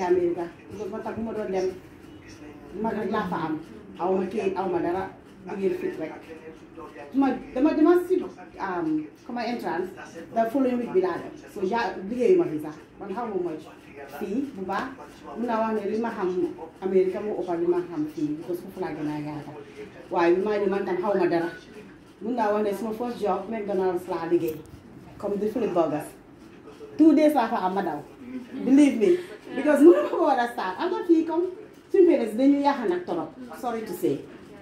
America ba tax bu ma doon dem mag rek laa fa am aw ma kii aw ma dara jigéen fit rek ma dama dama si comme entrance da following week bi laa dem so ja liggéeyu ma fi sax man xaw ma mooy fii bu baax mun naa wax ne li ma xam America moo ëppal li ma xam fii because foofu laa gën a yaatal waaye bi maa ne man tam xaw ma dara mun naa wax ne suma first job McDonald's laa liggéey comme di Philip Burgers two days laa fa am ma believe me because mënuma ko i a start am na fii comme suñu parents dañuy yàq nag torop sorry to say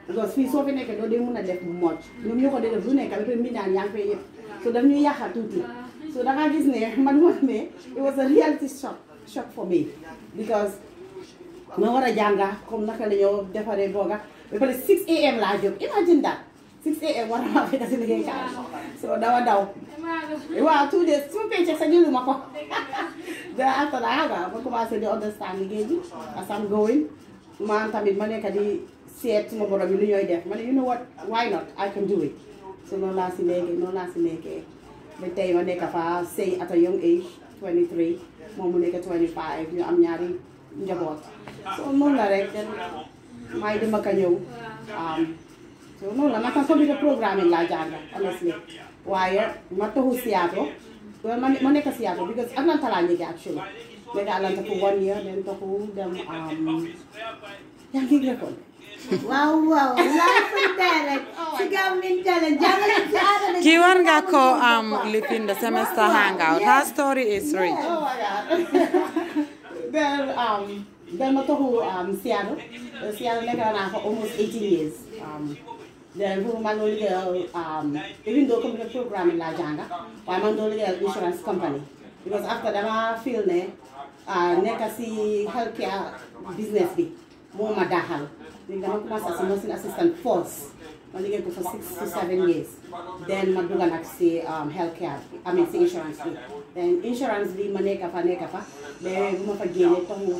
because we saw fi nekkee doo dee mën a def mocc ñoom we ko dee def lu nekk ba pare mbindaan yaa ngi fay yëpp so daf ñuy yàq tuuti so da ngaa gis it was a reality shock shock for me because ma war a jànga comme naka la ñoo defaree booga ba pare 6 am laa jóg imagine that 6 am war a maa down, si liggéey kaa two days su ma peccee sa jëluma ko after that waaw ma commencé di understand liggéey bi parce que am going maanaam tamit ma nekk di seet suma borom yi lu ñooy def ma ne you know what why not I can do it so noonu laa si nekkee noonu laa si nekkee ba tey ma nekk fa sëy at a young age 23 moom mu nekk 25 ñu am ñaari njaboot so noonu la rek may di ma ñëw um, so noonu la naka computer programming laa jàng honestly waaye ma taxu siyaato Well, my my neck is Yago because Atlanta language actually. Then Atlanta for one year, then to who them um. Yang gila kon. Wow wow, langsung talent. Oh Sigaw min talent. Jangan ada. Kiwan gako um lipin the semester hangout. Her story is rich. Oh my god. then um then to who um Seattle. Seattle neck almost 18 years. Um, then who man only um even though computer program in janga why man only insurance company because after that, I feel ne uh, nekka si healthcare business be bi moo ma daaxal léegi dama as a nursing assistant force ma liggéey to for six to seven years then ma dugg nag si healthcare I mean si insurance bi then insurance bi ma nekk fa nekk fa mais bu ma fa génnee taxu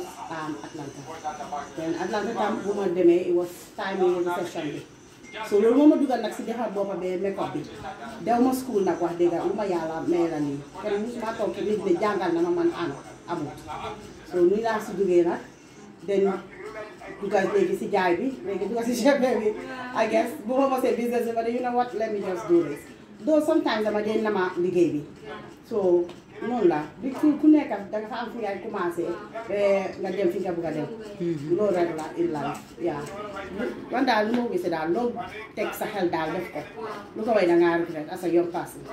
Atlanta then Atlanta tam bu ma demee it was time recession bi so loolu moo ma dugal nag si defar boppa bee makeup bi dew ma school nag wax dëgg lu ma yàlla may la nii kenn musuma toog ci ma man ànd amul so nuy laa si duggee nag den dugal léegi si jaay bi léegi dugal si chef bi I guess bu ma mosee business bi ma ne you know what let me just do this though dama dee nama liggéey bi so non la bi ku ku nek danga fa am fi ngay commencé nga dem fi nga bëgg a dem mhm. loolu rek la illa yaa man daal lu ma lo daal loolu teg sa xel daal def ko lu ko way da ngaa rek asa yoon pass hal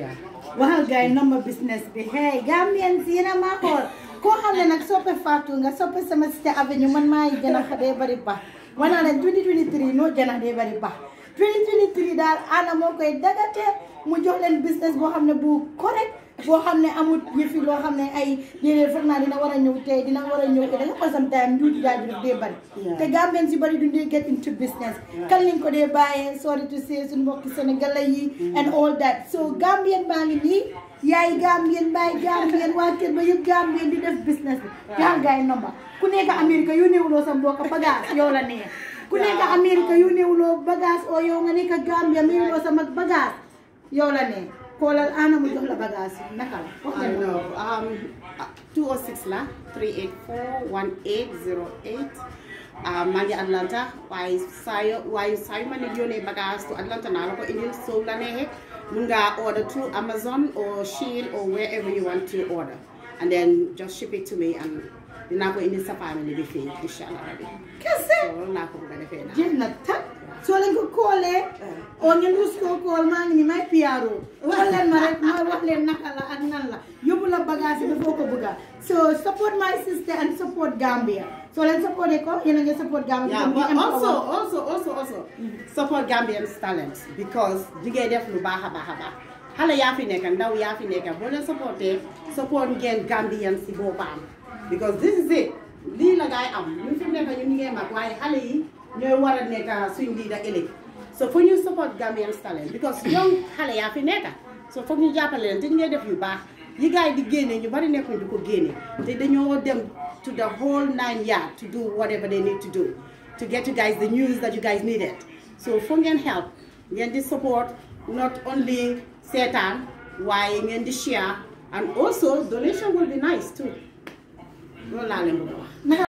ya. waxal gars yi nomba business bi hey Gambien si ma a ko xool koo xam Fatou nga soppe sama cité avenue man maa ngi jënax bari ba wana leen 2023 no jënax dee bari ba 2023 daal ana moo koy dagatee mu jox leen business boo xam bu correct boo xam ne amul yëfi loo xam ne ay ñeneen foog naa dina war a ñëw tey dina war a ñëw da nga xool sam time njuuti jaay bi daf dee bari te gambien si bari dundee get into business kan lañ ko dee bàyyee sorry to say suñ mbokki sénégalais yi mm. and all that so gambien baa ngi nii yaay gambien baay gambien waa kër ba yëpp gambien di def business bi yaa gaay nomba ku nekk Amérique yu néewloo sa mbokk bagage yow la neex ku nekk Amérique yu néewloo bagage yow nga nekk Gambia mi néewloo sa yow la neex xoolal ana mu jox la bagage yi naka la. wax dëgg 206 la three eight four one eight zero eight. 1808 um, maa Atlanta Why, saa why? waaye saa yu bagas to Atlanta naa la ko indil soo la order through Amazon or Shein or wherever you want to order and then just ship it to me and dinaa ko indil sa famille bi fii incha allah rabi. kese loolu laa ko bëgg a defee soo leen ko koolee. oo ngeen rus koo kool maa ngi ni may piyaaru. wax leen ma rek ma wax leen naka la ak nan la yóbbu la bagage bi foo ko bëgga so support my sister and support Gambia. So leen support ko yéen a ngi support Gambia. yeah but also also also also support Gambian's talent. because you get def lu baax a baax a baax xale yaa fi nekk ndaw yaa fi nekk boo leen supporté support ngeen Gambian si boppam. because this is it lii la ngay am ñu fi nekk ñu ngi mag waaye xale yi ñooy war a nekk leader ëllëg so when you support Gambian talent because young xale yaa so foog you jàppale leen te ñu ngay def back, you yi the yi and you ñu bari to di ko génne te dañoo them to the whole nine yards to do whatever they need to do to get you guys the news that you guys needed so foog ngeen help you di support not only Satan, why ngeen the share and also donation will be nice too